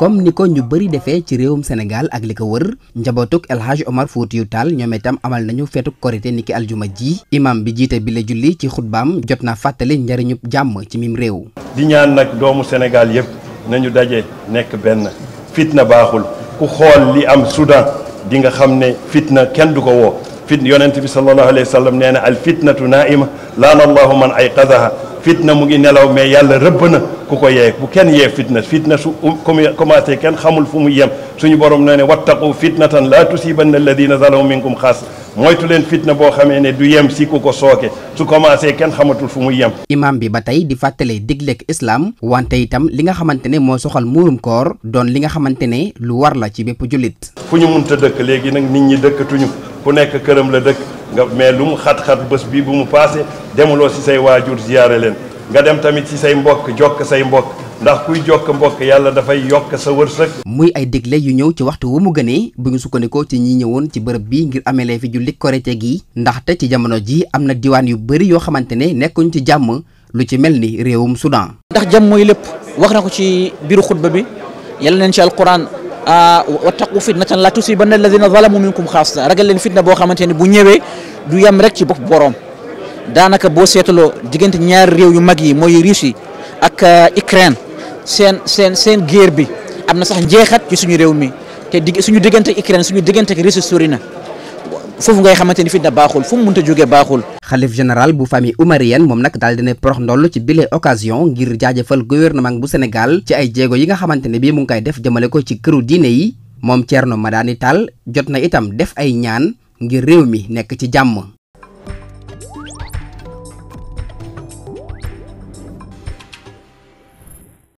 comme ni ko ñu bëri defee ci réewum Sénégal ak li ko wër njabootuk El Hadj Omar Foutiou Tall ñoom amal nañu feetuk korité niki aljuma ji imam bi jiite bi la julli ci xutbaam jot na fàttali njariñu jàmm ci miim réew. di ñaan nag doomu Sénégal yëpp nañu daje nekk benn fitna baaxul ku xool li am Soudan di nga xam ne fitna kenn du ko woo fit yonent bi sallallahu alayhi wa sallam nee na al fitnatu naaima laana man ayqadaha fitna mu ngi nelaw mais yàlla rëbb na ku ko yee bu kenn yee fitna fitna su um, commencé kenn xamul fu mu yem suñu borom nee ne wattaqu fitnatan laa tusibanna alladina zalamu minkum xaas moytu leen fitna boo xamee ne du yem si ku ko sooke su commencé kenn xamatul fu muy yem. imaam bi ba tey di fàttale digleeg islam wante itam li nga xamante ne moo soxal muurum koor doon li nga xamante ne lu war la ci bépp jullit. fu ñu munta dëkk ku nekk këram la dëkk nga mais mu xat-xat bés bi bu mu paase demuloo si say waajur ziyaare leen nga dem tamit si say mbokk jokk say mbokk ndax kuy jokk mbokk yàlla dafay yokk sa wërsëg. muy ay digle yu ñëw ci waxtu wu mu gënee bu ñu sukkandikoo ci ñi ñëwoon ci bërëb bi ngir amelee fi julli korite gi ndaxte ci jamono ji am na diwaan yu bëri yoo xamante ne nekkuñ ci jàmm lu ci mel ni réewum Soudan. ndax jàmm mooy lépp wax na ko ci biiru xutba bi yàlla Ah, wattaqu fitnatan la tusibanna alladina zalamu minkum xaasatan ragal leen fitna boo xamante ne bu ñëwee du yem rek ci bopp borom daanaka boo seetaloo diggante ñaari réew yu mag yi mooy Russie ak ah, Ukraine seen seen seen guerre bi am na sax njeexat ci suñu réew mi te digg suñu diggante Ukraine suñu diggante ak Russie sori na foofu ngay xamante ni fitna baaxul fu mu mënta jógee baaxul xalif général bu famille omarienne moom nag daal dina porox ndoll ci bile occasion ngir jaajëfal gouvernement bu Sénégal ci ay jéego yi nga xamante ne bii mu ngi koy def jëmale ko ci këru diine yi moom ma Madani Tall jot na itam def ay ñaan ngir réew mi nekk ci jàmm